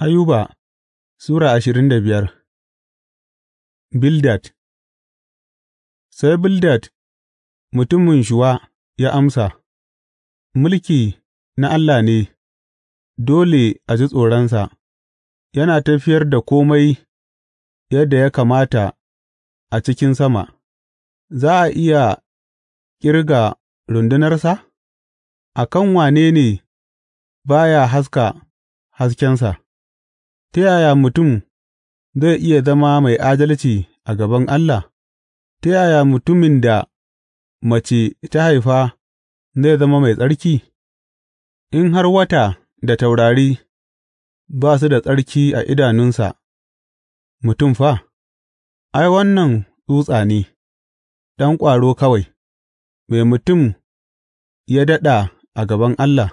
Ayuba Sura ashirin da biyar Bildad Sai Bildad mutumin Shuwa ya amsa, Mulki na Allah ne, dole a ji tsoronsa, yana tafiyar da komai yadda ya kamata a cikin sama, za a iya ƙirga rundunarsa? A kan wane ne ba ya haska haskensa? Ta yaya mutum zai iya zama mai adalci a gaban Allah, ta yaya mutumin da mace ta haifa zai zama mai tsarki, in har wata da taurari ba su da tsarki a idanunsa, mutum fa, ai, wannan tsutsa ne, ɗan ƙwaro kawai, Mai mutum ya daɗa a gaban Allah?